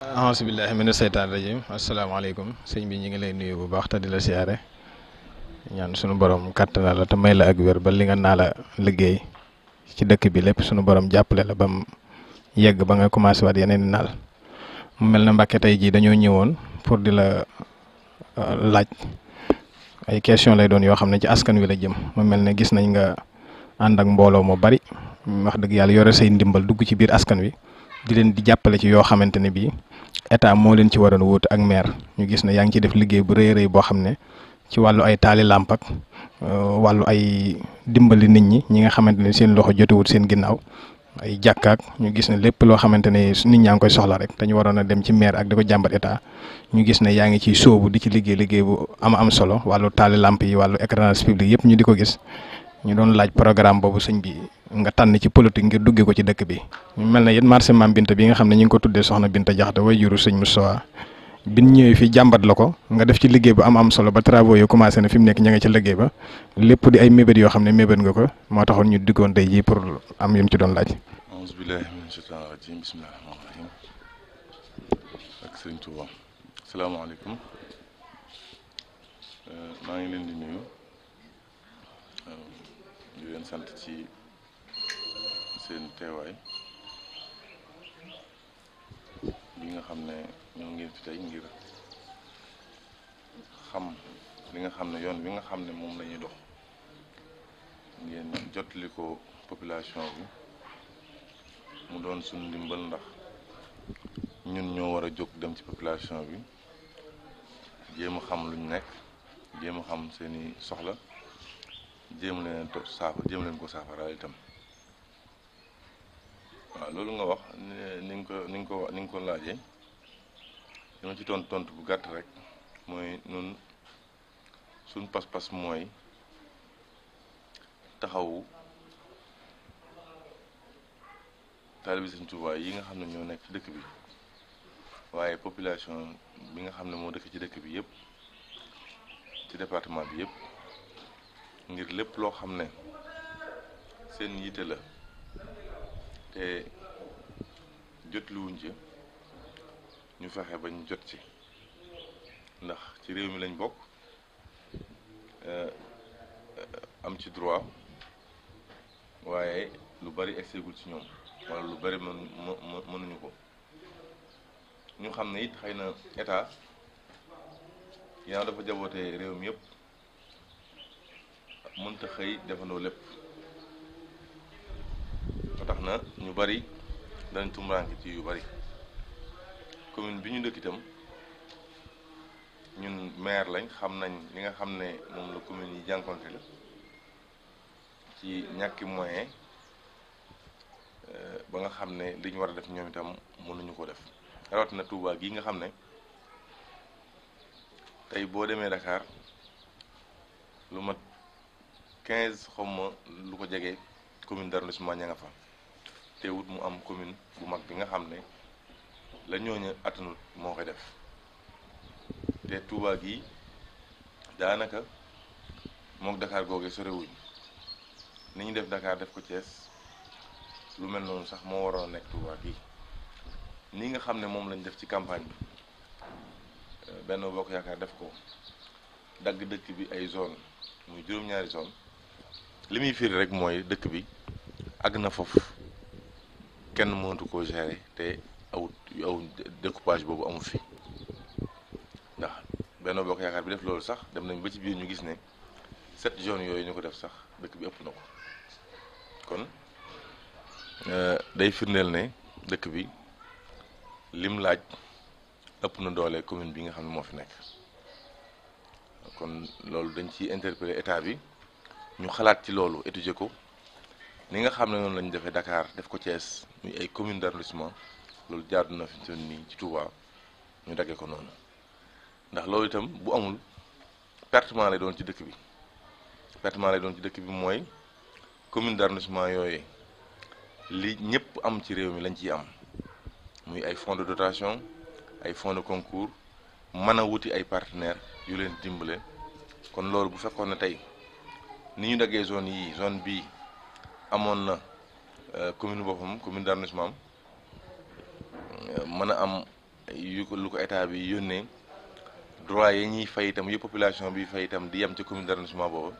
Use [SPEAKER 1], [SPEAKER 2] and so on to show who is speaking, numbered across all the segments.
[SPEAKER 1] ahasubillahi mina seytaan rajim asalaamaaleykum sëñ bi ñu ngi lay nuyu bu baax te di la siyaare ñaan sunu borom kàttanal la te may la ak wér ba li nga naala liggéey ci dëkk bi lépp sunu borom jàppale la ba mu yegg ba nga commencé waat yeneen i naal mu mel na Mbàkke tey jii dañoo ñëwoon pour di la euh, laaj ay question lay doon yoo xam ne ci askan wi la jëm mu mel ne gis nañ nga ànd ak mbooloo mu bari wax dëgg yàlla yore say ndimbal dugg ci biir askan wi di leen di jàppale ci yoo xamante ne bii état moo leen ci waroon wóotu ak maire ñu gis ne yaa ngi ci def liggéey bu rëy rëy boo xam ne ci wàllu ay taali làmpak ak euh, wàllu ay dimbali nit ñi ñi nga xamante ne seen loxo jotuwut seen ginnaaw ay jàkkaak ñu gis ne lépp loo xamante ne nit ñaa ngi koy soxla rek dañu waroon a dem ci maire ak di ko jàmbat état ñu gis ne yaa ngi ciy sóobu di ci liggéey liggéey bu am am solo wàllu taali làmp yi wàllu éclairage public yëpp ñu di ko gis ñu doon laaj programme boobu sëñ bi nga tànn ci politique ngir duggee ko ci dëkk bi. ñu mel ne it marché maam Binta bi nga xam ne ñu ngi ko tuddee soxna Binta Jaxate way juru sëñ mu bi ñu ñëwee fi jàmbat la ko nga def ci liggéey bu am am solo ba travaux yi commencé na fi mu nekk ña nga ci liggéey ba lépp di ay mébét yoo xam ne mébét nga ko moo taxoon ñu diggoon tey jii pour am yu mu ci doon laaj.
[SPEAKER 2] auzu billaahi mina shaytaani rajiim bismillaahi di leen sant ci seen teewaay bi nga xam ne ñoo ngeen fi tey ngir xam li nga xam ne yoon wi nga xam ne moom lañuy dox ngeen jotali ko population bi mu doon suñu ndimbal ndax ñun ñoo war a jóg dem ci population bi jéem a xam luñ nekk jéem a xam seeni soxla jéem leen to saafa jéem leen ko saafaraal itam waaw loolu nga wax ni nga ko ni nga ko ni nga ko laajee dama ci tontu tontu bu gàtt rek mooy nun suñ pas-pas mooy taxawu taalibi Sëñ yi nga xam ne ñoo nekk ci dëkk bi waaye population bi nga xam ne moo dëkk ci dëkk bi yëpp ci département bi yëpp ngir lépp loo xam ne seen yitte la te jotluwuñ ci ñu fexe bañ jot ci ndax ci réew mi lañ bokk eh, am ci droit waaye lu bari egseegul ci ñoom walla lu bari mën mënuñu ko ñu xam ne it xëy na état yaa dafa jabootee réew mi yëpp mënta xëy defandoo lépp ba tax na ñu bari dañ tumuraanke ci yu bari commune bi ñu dëkk itam ñun maire lañ xam nañ li nga xam ne moom la commune yi jànkonteel ci ñàkki moyen euh, ba nga xam ne li war a def ñoom itam mënuñu ko def rawat na tuubaa gi nga xam ne tey boo demee Dakar lu mat quinze xaw lu ko jege commune d' arrondissement ña nga fa teewut mu am commune bu mag bi nga xam ne la ñooñu attanul moo koy def te Touba gi daanaka mook Dakar googee sorewuñ ni ñu def Dakar def ko Thiès lu mel noonu sax moo waroon a nekk tuubaa gi ni nga xam ne moom lañ def ci campagne bi euh, benn Bokk Yaakaar def ko dagg dëkk bi ay zone muy juróom-ñaari zone li muy firi rek mooy dëkk bi àgg na foofu kenn mënatu ko gérer te aw aw découpage boobu amul fi ndax Benno Bokk Yaakaar bi def loolu sax dem nañ ba ci biir ñu gis ne sept zones yooyu ñu ko def sax dëkk bi ëpp na ko kon euh, day firndeel ne dëkk bi lim laaj ëpp na doole commune bi nga xam ne moo fi nekk kon loolu dañ ci interpeller état bi ñu xalaat ci loolu étudier ko ni nga xam ne noonu lañu defee dakaar def ko Thiès muy ay commune d'arrondissement loolu jaadu na fi ñu nii ci Touba ñu daggee ko noonu ndax loolu itam bu amul pertement lay doon ci dëkk bi pertement lay doon ci dëkk bi mooy commune d'arrondissement yooyu li ñëpp am ci réew mi lañ ci am muy ay fonds de dotation ay fonds de concours mën a wuti ay partenaires yu leen dimbale kon loolu bu fekkoon ne tey ni ñu daggee zone yi zone bii amoon na euh, commune boppam commune d'arrondissement euh, mën a am yu ko lu ko état bi yónnee droit yi ñuy fay itam yëpp population bi fay itam di yem ci commune d'arrondissement boobu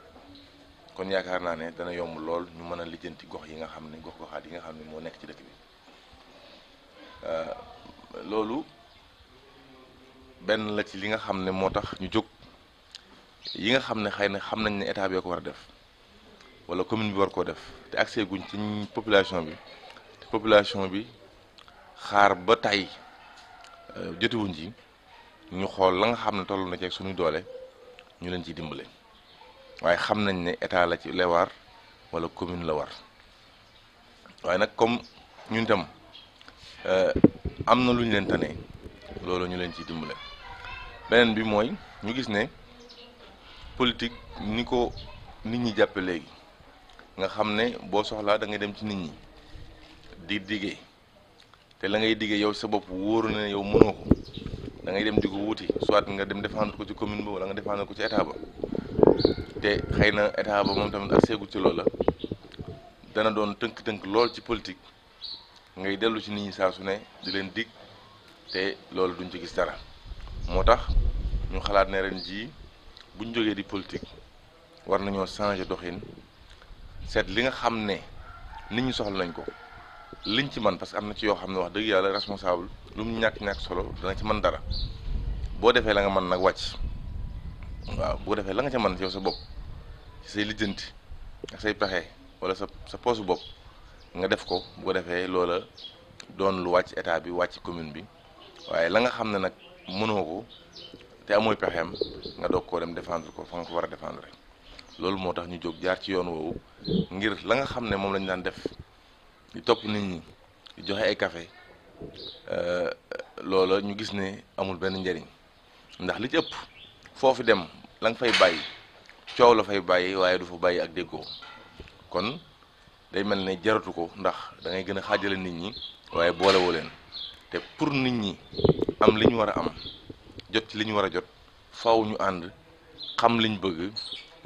[SPEAKER 2] kon yaakaar naa ne dana yomb lool ñu mën a lijjanti gox yi nga xam ne gox goxaat yi nga xam ne moo nekk ci dëkk bi euh, loolu benn la ci li nga xam ne moo tax ñu jóg. yi nga xam ne xëy na xam nañ ne état bi ko war a def wala commune bi war koo def te accès guñ ci population bi population bi xaar ba tey euh, jotiwuñ ci ñu xool la nga xam ne tollu na ci suñu doole ñu leen ciy dimbale waaye xam nañ ne état la ci la war wala commune la war waaye nag comme ñun tam euh, am na lu ñu leen tane loolu ñu leen ciy dimbale beneen bi mooy ñu gis ne. politique ni ko nit ñi jàppe léegi nga xam ne boo soxlaa da ngay dem ci nit ñi di diggee te la ngay diggee yow sa bopp wóoru ne yow mënoo ko da dem di ko wuti soit nga dem défendre ko ci commune ba wala nga défendre ko ci état ba te xëy na état ba moom tamit ak seegu ci loola dana doon tënk-tënk lool ci politique ngay dellu ci nit ñi saa su ne di leen dig te loolu duñ ci gis dara moo tax ñu xalaat ne ren jii bu ñu jógee di politique war nañoo changer doxin seet li nga xam ne nit ñi soxla nañ ko liñ ci man parce que am na ci yoo xam ne wax dëgg yàlla responsable lu mu ñàkk ñàkk solo dana ci mën dara boo defee la nga man nag wàcc waaw boo defee la nga ca mën yow sa bopp ci say lijjanti ak say pexe wala sa sa poosu bopp nga def ko bu defee loola doon lu wàcc état bi wàcc commune bi waaye la nga xam ne nag mënoo ko te amooy pexeem nga dog koo dem défendre ko fa nga ko war a défendre loolu moo tax ñu jóg jaar ci yoon woowu ngir la nga xam ne moom lañu daan def di topp nit ñi di joxe ay café euh, loola ñu gis ne amul benn njariñ ndax li ci ëpp foofu dem la nga fay bàyyi coow la fay bàyyi waaye du fa bàyyi ak déggoo kon day mel ne jaratu ko ndax dangay ngay gën a xaajale nit ñi waaye boolewoo leen te pour nit ñi am li ñu war a am jot ci li ñu war a jot faw ñu ànd xam liñ bëgg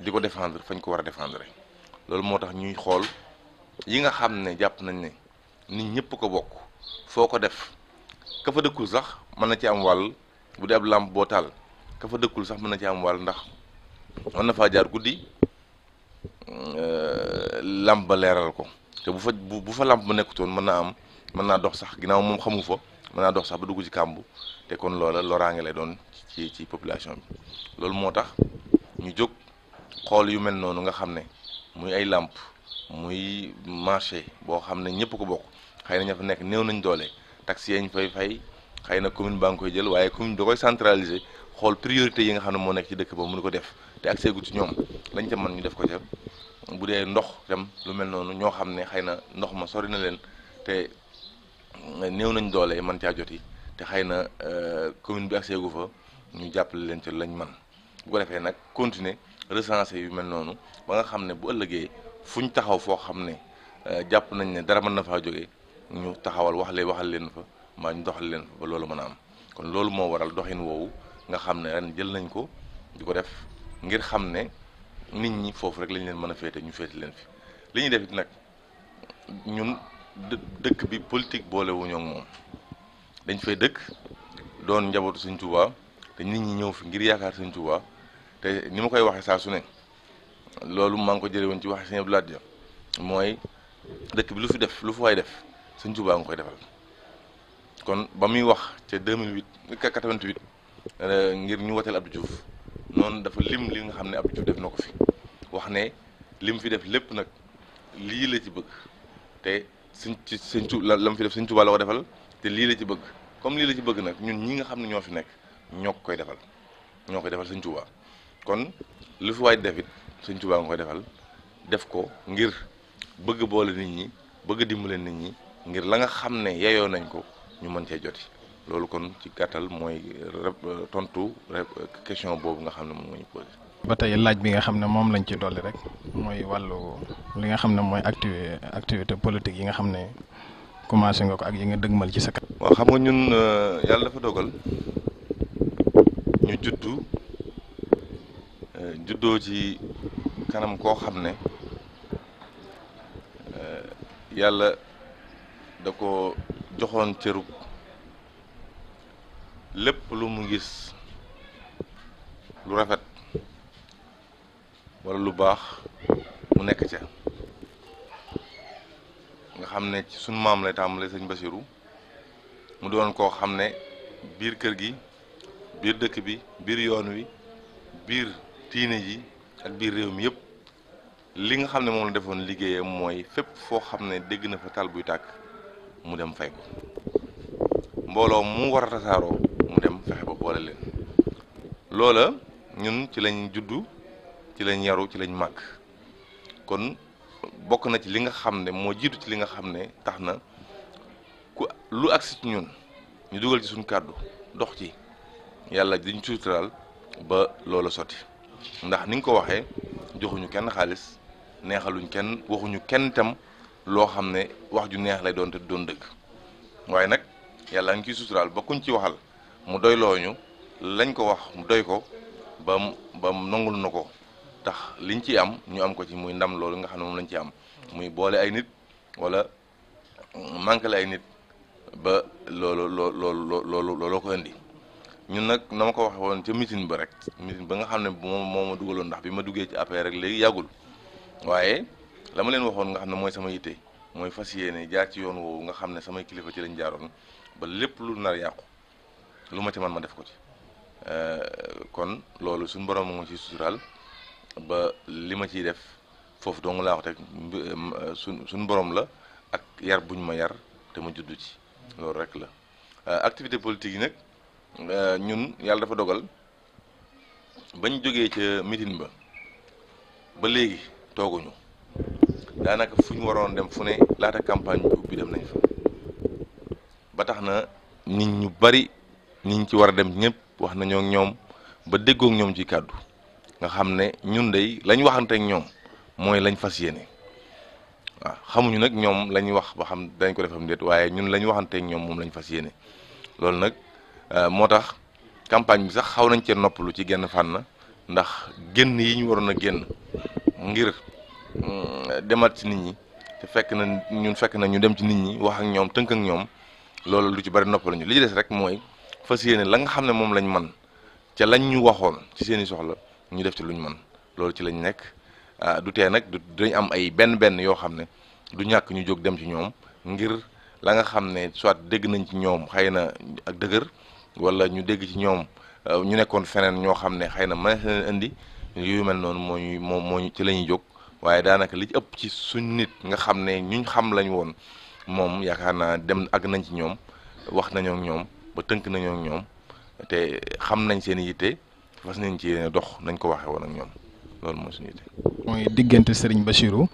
[SPEAKER 2] di ko défendre fañ ko war a défendre loolu moo tax ñuy xool yi nga xam ne jàpp nañ ne nit ñëpp ko bokk foo ko def ka dëkkul sax mën na ci am wàll bu dee ab làmp boo dëkkul sax mën na ci am wàll ndax mën na faa jaar guddi euh, làmp ba leeral ko te bu fa bu fa làmp ba nekkutoon mën naa am mën naa dox sax ginnaaw moom xamu fa mën naa dox sax ba dugg ci kàmbu te kon loola loraange lay doon ci ci population bi loolu moo tax ñu jóg xool yu mel noonu nga xam ne muy ay làmp muy marché boo xam ne ñëpp ko bokk xay na ña fa nekk néew nañ doole si yañ fay fay xëy na commune baa ngi koy jël waaye commune da koy centraliser xool priorité yi nga xam ne moo nekk ci dëkk ba mun ko def te accès gu ci ñoom lañ ca mën ñu def ko ca bu dee ndox tam lu mel noonu ñoo xam ne xëy na ndox ma sori na leen néew nañ doole man caa yi te xay na euh, commune bi ak seegu fa ñu jàppale leen ca lañ man bu ko defee nag continuer recenser yu mel noonu ba nga xam ne bu ëllëgee fu fuñ taxaw foo xam ne euh, jàpp nañ ne dara mën na fa jóge ñu taxawal wax leen waxal leen fa mbaa ñu doxal leen fa ba loolu mën a am kon loolu moo waral doxin woowu nga xam ne ren jël nañ ko di ko def ngir xam ne nit ñi foofu rek lañ leen mën a féete ñu féete leen fi li ñuy def nag ñun dëkk bi politique boole wuñu ak moom dañ fay dëkk doon njabootu Sëñ Tuubaa te nit ñi ñëw fi ngir yaakaar Sëñ Tuubaa te ni ma koy waxee saa su ne loolu maa ngi ko jële woon ci wax Sëñ Abdou Lahad mooy dëkk bi lu fi def lu fi waay def Sëñ Tuubaa nga koy defal kon ba muy wax ca 2008 88 euh, ngir ñu woteel Abdou Diouf noonu dafa lim li nga xam ne ab Diouf def na ko fi wax ne lim fi def lépp nag lii la ci bëgg te suñ ci suñ cu la mu fi def suñ Tuubaa la ko defal te lii la ci bëgg comme lii la ci bëgg nag ñun ñi nga xam ne ñoo fi nekk ñoo ko koy defal ñoo koy defal suñ Tuubaa kon lu fi waay def it suñ Tuubaa nga koy defal def ko ngir bëgg boole nit ñi bëgg dimbale nit ñi ngir la nga xam ne yeyoo nañ ko ñu mën cee joti loolu kon ci gàttal mooy tontu question boobu nga xam ne moom nga ñu posé
[SPEAKER 1] ba tey laaj bi nga xam ne moom lañ ci dolli rek mooy wàllu li nga xam ne mooy activi activité politique yi nga xam ne commencé nga ko ak yi nga mal ci sa kat. xam nga ñun
[SPEAKER 2] euh, yàlla dafa dogal ñu juddu euh, juddoo ci kanam koo xam ne euh, yàlla da ko joxoon cërub lépp lu mu gis lu rafet wala lu baax mu nekk ca nga xam ne ci sunu maam lay tàmbalee sëñ Basiru mu doon koo xam ne biir kër gi biir dëkk bi biir yoon wi biir tiine ji ak biir réew mi yépp li nga xam ne moom la defoon liggéeyam mooy fépp foo xam ne dégg na fa taal buy tàkk mu dem fay ko mbooloo mu war a tasaaroo mu dem fexe ba boole leen loola ñun ci lañ juddu. ci lañ yaru ci lañ màgg kon bokk na ci li nga xam ne moo jiitu ci li nga xam ne tax na ku lu agsi ci ñun ñu dugal ci suñ kàddu dox ci yàlla diñ suuturaal ba loola sotti ndax ni nga ko waxee joxuñu kenn xaalis neexaluñ kenn waxuñu kenn itam loo xam ne wax ju neex lay doon te doon dëgg waaye nag yàlla ngi ciy suturaal ba kuñ ci waxal mu doy looñu lañ ko wax mu doy ko ba mu ba na ko tax liñ ciy am ñu am ko ci muy ndam loolu nga xam ne moom lañ ci am muy boole ay nit wala manqué la ay nit ba loolu loo loolu loolu looloo ko indi ñun nag na ma ko waxee woon ca meeting ba rek meeting ba nga xam ne moom ma dugaloon ndax bi ma duggee ci APR rek léegi yàggul waaye la ma leen waxoon nga xam ne mooy sama yitte mooy fas yéene jaar ci yoon woowu nga xam ne samay kilifa ci lañ jaaroon ba lépp lu nar yàqu lu ma ci man ma def ko ci euh, kon loolu suñu borom moo ci suturaal ba li ma ciy def foofu dong laa wax rek suñ euh, suñ borom la ak yar buñ ma yar te ma judd ci loolu rek la euh, activité politique yi nag euh, ñun yàlla dafa dogal bañ jógee ca meeting ba ba léegi tooguñu daanaka fu ñu waroon dem fu ne laata campagne bi ubbi dem nañ fa ba tax na nit ñu bari nit ñu ci war a dem ñëpp wax nañoo ñoom ba déggoo ñoom ci kàddu nga xam ne ñun dey lañ waxanteek ñoom mooy lañ fas yéene waaw xamuñu nag ñoom lañ wax ba xam dañ ko defam déet waaye ñun lañ waxanteek ñoom moom lañ fas yéene loolu nag euh, moo tax campagne bi sax xaw nañ cee noppalu ci genn fànn ndax génn yi ñu waroon a génn ngir euh, demat ci nit ñi fekk na ñun fekk na ñu dem ci nit ñi wax ak ñoom tënk ak ñoom loolu lu ci bari noppalu ñu li ci des rek mooy fas yéene la nga xam ne moom lañ man ca lañ ñu waxoon ci seeni soxla ñu def ci lu ñu man loolu ci lañ nekk ah, du nag du dañ am ay benn benn yoo xam ne du ñàkk ñu jóg dem ci ñoom ngir la nga xam ne soit dégg nañ ci ñoom xëy na ak dëgër wala ñu dégg ci ñoom euh, ñu nekkoon feneen ñoo xam ne xëy na mën na indi yu mel noonu moo ñu moo moo ci la ñuy jóg waaye daanaka li ëpp ci suñ nit nga xam ne ñuñ xam lañ woon moom yaakaar naa dem àgg nañ ci ñoom wax nañook ñoom ba tënk nañoo ñoom te xam nañ seen yitte fas nañ ci yéene dox nañ ko waxee woon ak ñoom
[SPEAKER 1] loolu moo suñu yitte. mooy diggante Serigne Bassirou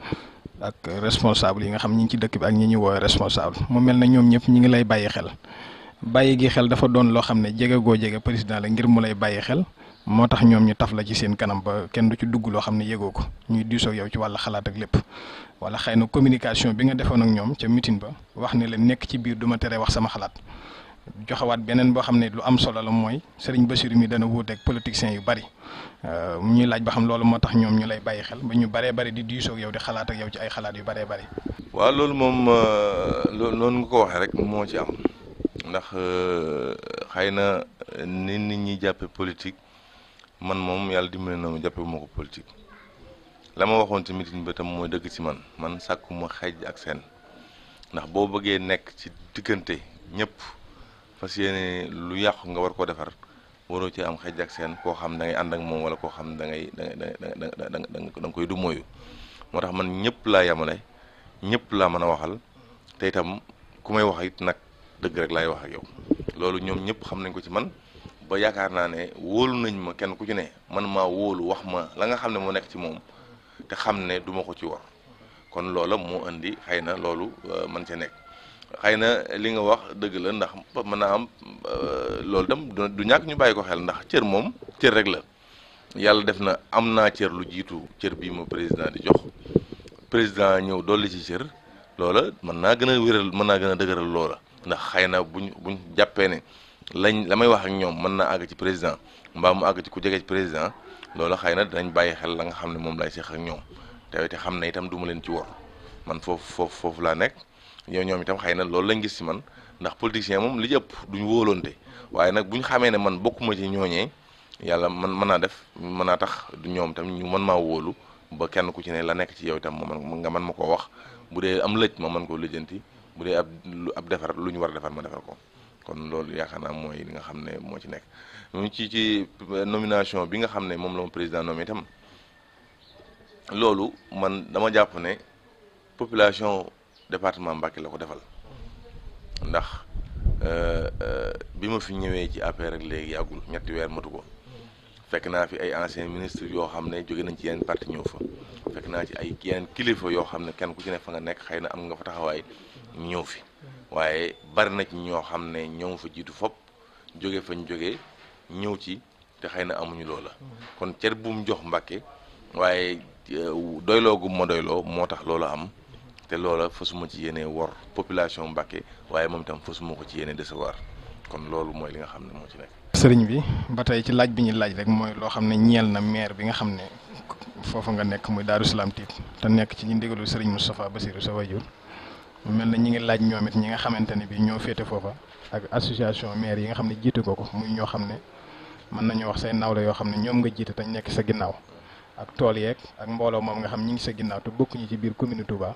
[SPEAKER 1] ak responsable yi nga xam ñi ngi ci dëkk bi ak ñi ñu woowee responsable mu mel na ñoom ñëpp ñu ngi lay bàyyi xel bàyyi gi xel dafa doon loo xam ne jege goo jege président la ngir mu lay bàyyi xel moo tax ñoom ñu taf la ci seen kanam ba kenn du ci dugg loo xam ne yëgoo ko ñuy diisoo ak yow ci wàllu xalaat ak lépp wala xëy na communication bi nga defoon ak ñoom ca meeting ba wax ne leen nekk ci biir du ma teree wax sama xalaat joxawaat beneen boo xam ne lu am solo la mooy ba Bassirou mi dana wuuteeg politiciens yu bari mu euh, ñuy laaj ba xam loolu moo tax ñoom ñu lay bàyyi xel ba ñu baree bari di diisoo yow di xalaat ak yow ci ay xalaat yu bare bari.
[SPEAKER 2] waaw loolu moom euh, loolu noonu nga ko waxee rek moo ci am ndax euh, xëy na ni nit ñi jàppee politique man moom yàlla dimbali na ma jàppee moo ko politique la ma waxoon ci meeting bi tam mooy dëgg ci man man sàkkuma xeej ak seen ndax boo bëggee nekk ci diggante ñëpp. fas yéene lu yàqu nga war koo defar waroo ci am xej ak seen koo xam da ngay ànd ak moom wala koo xam da ngay da da da nga koy du mooyu moo tax man ñëpp laa yamale ñëpp laa mën a waxal tey itam ku may wax it nag dëgg rek laay wax ak yow loolu ñoom ñëpp xam nañ ko ci man ba yaakaar naa ne wóolu nañ ma kenn ku ci ne man maa wóolu wax ma la nga xam ne moo nekk ci moom te xam ne duma ko ci war kon loola moo indi xëy na loolu euh, man ca nekk xëy na li nga wax dëgg la ndax mën naa am euh, loolu tam du ñàkk ñu bàyyi ko xel ndax cër moom cër rek la yàlla def na am naa cër lu jiitu cër bii ma président di jox président ñëw dolli ci cër loola mën naa gën a wéral mën naa gën a dëgëral loola ndax xëy na buñ buñ jàppee ne lañ la may wax ak ñoom mën naa àgg ci président mbaa mu àgg ci ku jege ci président loola xëy na dinañ bàyyi xel la nga xam ne moom lay seq ak ñoom te te xam ne itam du ma leen ci wor man foofu foofu laa nekk ñoo ñoom itam xëy na loolu lañ gis ci man ndax politicien moom li ci ëpp duñ wóolonte waaye nag buñ xamee ne man bokkuma ci ñooñee yàlla man mën naa def mën naa tax du ñoom itam ñu mën maa wóolu ba kenn ku ci ne la nekk ci yow itam ma man nga mën ma koo wax bu dee am lëj ma mën koo lijjanti bu dee ab ab defar lu ñu war a defar ma defar ko kon loolu yaakaar naa mooy li nga xam ne moo ci nekk mu ci ci nomination bi nga xam ne moom la ma président nommé itam loolu man dama jàpp ne population département Mbacké la ko defal ndax euh, euh, bi ma fi ñëwee ci APR ak léegi yàggul ñetti weer matu ko fekk naa fi ay ancien ministre yoo xam ne jóge nañ ci yeneen parti ñëw fa fekk naa ci ay yeneen kilifa yoo xam ne kenn ku ci ne fa nga nekk xëy na am nga fa taxawaay ñëw fi waaye bari na ci ñoo xam ne ñoo fa jiitu fop jóge fañ jóge ñëw ci te xëy na amuñu loola. kon cër bu mu jox Mbàkke waaye euh, doyloo gu ma doyloo moo tax loolu am. te loola fasuma ci yéene wor population Mbàkke waaye moom itam fasuma ko ci yéene décevoir kon loolu mooy li nga xam ne moo ci
[SPEAKER 1] nekk. sëriñ bi ba tey ci laaj bi ñu laaj rek mooy loo xam ne ñeel na maire bi nga xam ne foofu nga nekk muy Daaru Salaam te nekk ci ñu ndigalu sëriñ Moustapha Bassirou sa wajur mu na ñi ngi laaj ñoom it ñi nga xamante ne bi ñoo féete foofa ak association maire yi nga xam ne jiite ko ko muy ñoo xam ne mën nañoo wax say nawle yoo xam ne ñoom nga jiite te nekk sa ginnaaw ak tool yeek ak mbooloo moom nga xam ñi ngi sa ginnaaw te bokkuñu ci biir commune Touba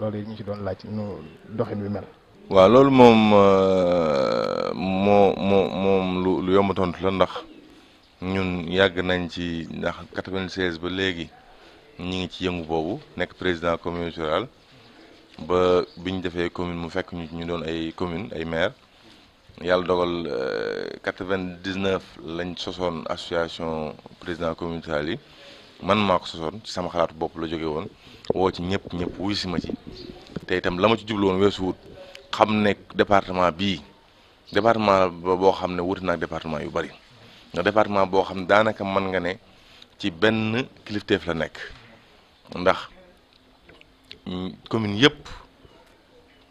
[SPEAKER 1] loolu yi ñu ci doon laaj nu doxin bi mel.
[SPEAKER 2] waaw loolu moom euh, moo moo moom lu lu yomb tontu la ndax ñun yàgg nañ ci ndax 96 ba léegi ñu ngi ci yëngu boobu nekk président commune rurale ba bi ñu defee commune mu fekk ñu ñu doon ay commune ay maire yàlla dogal 99 euh, lañ sosoon association président commune rurale yi man maa ko sosoon ci sama xalaatu bopp la jóge woon. woo ci ñëpp ñëpp wuy si ma ci te itam la ma ci jublu woon weesu xam ne département bii département boo xam ne wuti naag département yu bari ndax département boo xam ne daanaka mën nga ne ci benn kilifteef la nekk ndax commune yëpp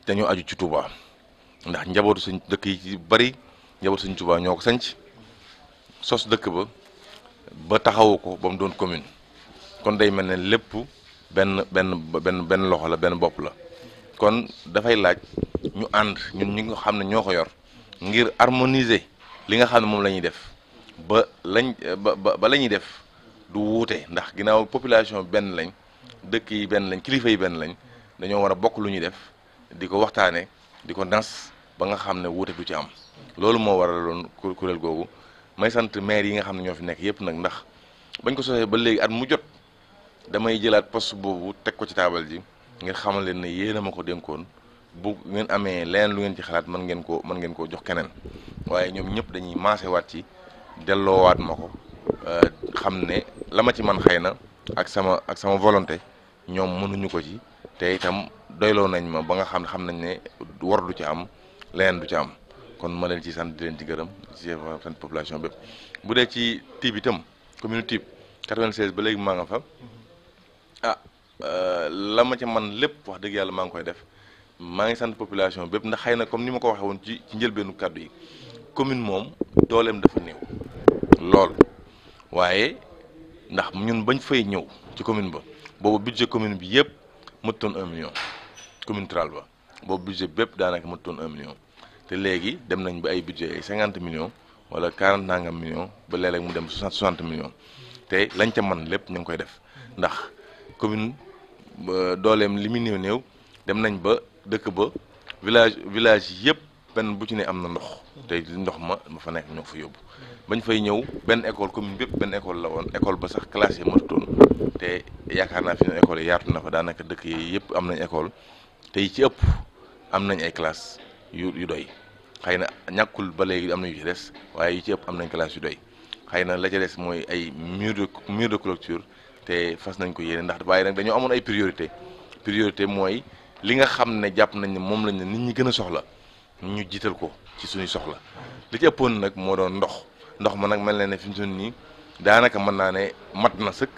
[SPEAKER 2] dañoo aju ci Touba ndax njabootu suñ dëkk yi ci bari njabootu suñ Touba ñoo ko sanc sos dëkk ba ba taxawu ko ba mu doon commune kon day mel ne lépp benn benn benn benn loxo la benn bopp la kon dafay laaj ñu ànd ñun ñi nga xam ne ñoo ko yor ngir harmoniser li nga xam ne moom la ñuy def ba lañ ba ba la ñuy def du wuute ndax ginnaaw population benn lañ dëkk yi benn lañ kilifa yi benn lañ dañoo war a bokk lu ñuy def di ko waxtaane di ko nas ba nga xam ne wuute du ci am loolu moo waraloon kuréel googu may sant maire yi nga xam ne ñoo fi nekk yépp nag ndax bañ ko sosee ba léegi at mu jot damay jëlaat poste boobu teg ko ci taabal ji ngeen xamal leen ne yéen a ma ko dénkoon bu ngeen amee leneen lu ngeen ci xalaat mën ngeen koo mën ngeen koo jox keneen waaye ñoom ñëpp dañuy waat ci delloowaat ma ko euh, xam ne la ma ci man xëy na ak sama ak sama volonté ñoom mënuñu ko ci te itam doyloo nañ ma ba nga xam ne xam nañ ne war du ci am leneen du ci am kon ma leen ci sant di leen ci gërëm ci sant population bépp bu dee ci tiib itam commune tiib 96 ba léegi ma fa ah euh, la ma ci man lépp wax dëgg yàlla maa ngi koy def maa ngi sant population bépp ndax xëy na comme ni ma ko waxee ci njëlbeenu kàddu commune moom dooleem dafa néew lool waaye ndax ñun bañ fay ñëw ci commune ba boobu budget commune bi yëpp mëttoon un million commune Tral ba boobu budget bépp daanaka mëttoon un million te léegi dem nañ ba ay budget ay cinquante millions wala quarante nangam million ba léeg mu dem soixante millions te lañ ca man lépp ñu ngi koy def ndax commune dooleem li muy néew néew dem nañ ba dëkk ba village village yëpp benn bu ci ne am na ndox te ndox ma ma fa nekk ñoo fa yóbbu bañ fay ñëw benn école commune yëpp benn école la woon école ba sax classe yi te yaakaar naa fi ne école yaatu na fa daanaka dëkk yi yëpp am nañ école te ci ëpp am nañ ay classe yu doy xëy na ñàkkul ba léegi am na yu ci des waaye yu ci ëpp am nañ classe yu doy xëy na la ca des mooy ay mur de mur te fas nañ ko yéene ndax baay nag dañoo amoon ay priorité priorité mooy li nga xam ne jàpp nañ ne moom lañ ne nit ñi gën a soxla ñu jiital ko ci suñuy soxla li ci ëppoon nag moo doon ndox ndox ma nag mel na ne fi mu toll nii daanaka mën naa ne mat na sëkk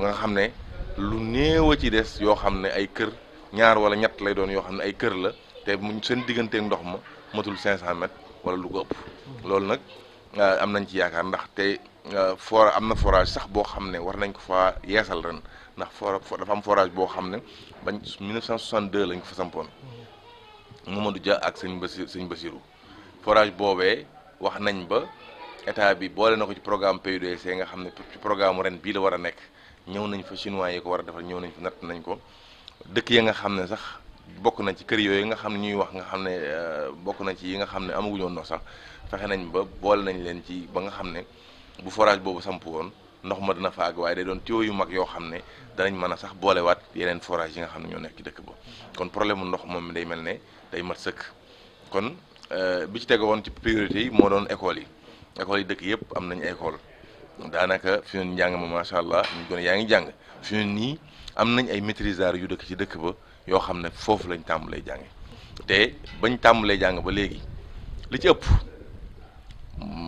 [SPEAKER 2] nga xam ne lu néew a ci des yoo xam ne ay kër ñaar wala ñett lay doon yoo xam ne ay kër la te mu seen digganteeg ndox ma matul 500 mètres wala lu ko ëpp loolu nag ah, am nañ ci yaakaar ndax te Euh, for am na forage sax boo xam ne war nañ ko fa yeesal ren ndax for dafa am forage boo xam ne bañ 1962 lañ ko fa sampoon Mamadou Dia ak sëñ Basi sëñ Basiru forage boobee wax nañ ba état bi boole na ko ci programme PUDC nga xam ne ci programme ren bii la war a nekk ñëw nañ fa chinois yi ko war a defal ñëw nañ fa natt nañ ko dëkk yi nga xam ne sax bokk nañ ci kër yooyu nga xam ne ñuy wax nga xam ne euh, bokk na ci yi nga xam ne amaguñoon sax fexe nañ ba boole nañ leen ci ba nga xam ne bu forage boobu samp woon ndox ma fa faag waaye day doon tuyau yu mag yoo xam ne danañ mën a sax boolewaat yeneen forage yi nga xam ne ñoo nekk ci dëkk ba kon problème mu ndox moom day mel ne day mat sëkk kon euh, bi ci tege woon ci priorité yi moo doon école yi école yi dëkk yëpp am nañ école daanaka fi neen njàng ma macha allah ñu gone yaa ngi jàng fi neen nii am nañ ay maîtrisards yu dëkk ci dëkk ba yoo xam ne foofu lañ tàmbalee jànge te bañ tàmbalee jàng ba léegi ci ëpp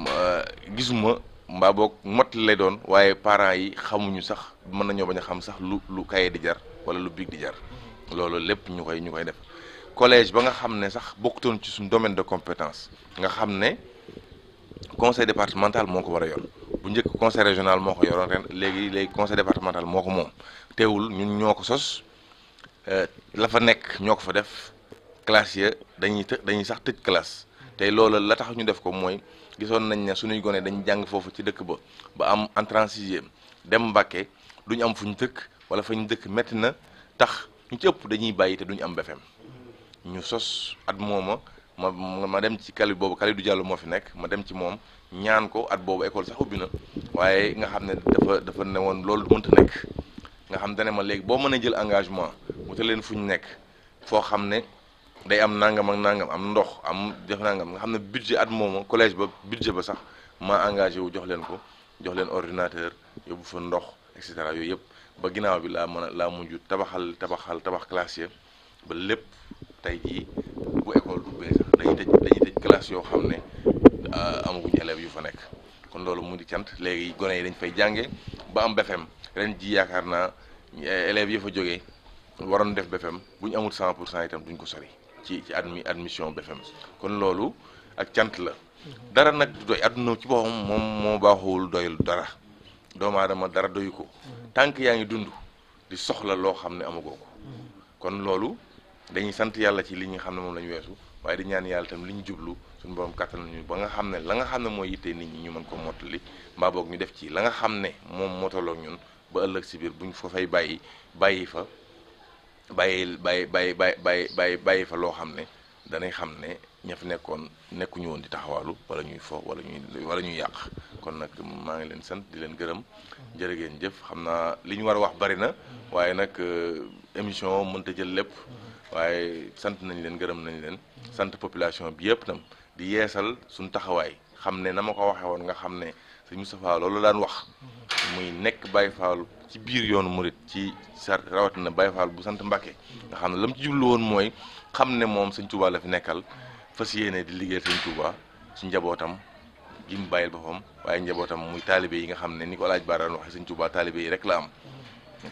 [SPEAKER 2] euh, mbaa boog mot lay doon waaye parents yi xamuñu sax mën nañoo bañ a xam sax lu lu kaye di jar wala lu bic di jar mm-hmm. loolu lépp ñu koy ñu koy def collège ba nga xam ne sax bokkutoon ci suñ domaine de compétence nga xam ne conseil départemental moo ko war a yor bu njëkk conseil régional moo ko yoroon ren léegi léegi conseil départemental moo ko moom teewul ñun ñoo ko sos euh, la fa nekk ñoo ko fa def classe ya dañuy të dañuy sax tëj classe mm-hmm. tey loolu la tax ñu def ko mooy gisoon nañ ne suñuy gone dañu jàng foofu ci dëkk ba ba am entrée en dem Mbàkke duñ am fu ñu dëkk wala fa ñu dëkk métti na tax ñu ci ëpp dañuy bàyyi te duñ am BFEM ñu sos at mooma ma ma dem ci kali boobu kali du jàll moo fi nekk ma dem ci moom ñaan ko at boobu école sax ubbi na waaye nga xam ne dafa dafa ne woon loolu mënta nekk nga xam dane ma léegi boo mën a jël engagement mu te leen fu ñu nekk foo xam ne day am nangam ak nangam am ndox am def nangam nga xam ne budget at mooma collège ba budget ba sax maa engagé wu jox leen ko jox leen ordinateur yóbbu fa ndox et cetera yooyu yëpp ba ginnaaw bi laa mën a laa mujj tabaxal tabaxal tabax classe ba lépp tey jii bu école dubbee sax dañuy tëj dañuy yoo xam ne euh, amaguñ élèves yu fa nekk kon loolu mu di cant léegi gone yi dañ fay jànge ba am BFEM ren ji yaakaar naa euh, élèves yi fa jógee waroon def BFEM bu ñu amul 100 pour cent duñ ko sori. ci ci admi admission BFM kon loolu ak cant la dara nag du doy àdduna ci boppam moom moo baaxuwul doyul dara doomu aadama dara doyu ko tànk yaa ngi dund di soxla loo xam ne amagoo ko kon loolu dañuy sant yàlla ci li nga xam ne moom la ñu weesu waaye di ñaan yàlla tam li ñu jublu suñu borom kàttan nañu ba nga xam ne la nga xam ne mooy yittee ñu mën ko mottali mbaa boog ñu def ci la nga xam ne moom mootaloog ñun ba ëllëg si biir bu ñu fa fay bàyyi bàyyi fa bàyyil bàyyi bàyyi bàyyi bàyyi bàyyi fa loo xam ne danay xam ne ña fi nekkoon nekkuñu woon di taxawaalu wala ñuy fo wala ñuy wala ñuy yàq kon nag maa ngi leen sant di leen gërëm jërë ngeen jëf xam naa li ñu war a wax bari na waaye nag euh, émission mënta jël lépp waaye sant nañ leen gërëm nañ leen sant population bi yëpp nam di yeesal suñ taxawaay xam ne na ma ko waxee woon nga xam ne suñu Moustapha loolu daan wax muy nekk bàyyi Fall ci biir yoonu murit ci rawat na Baye Fall bu sant Mbàkke nga xam ne la mu ci jublu woon mooy xam ne moom sëñ Touba la fi nekkal fas yéene di liggéeyal sëñ Touba ci njabootam gi bàyyi bàyyil boppam waaye njabootam muy taalibe yi nga xam ne ni ko laaj baaraan waxee sëñ Touba taalibe yi rek la am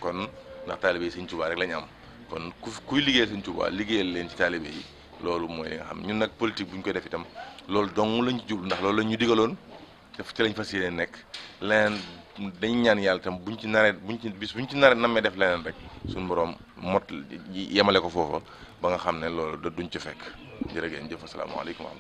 [SPEAKER 2] kon ndax taalibe yi sëñ Touba rek la am kon ku kuy liggéeyal sëñ Touba liggéeyal leen ci taalibe yi loolu mooy li nga xam ñun nag politique bu ñu koy def itam loolu dong lañ ci jublu la ñu digaloon def ci lañ fas yéene nekk leneen dañ ñaan yàlla tam buñ ci naree buñ ci bis ñu ci naree nammee def leneen rek suñu boroom mot yemale ko foofa ba nga xam ne loolu duñ ci fekk jërëgeen jëf am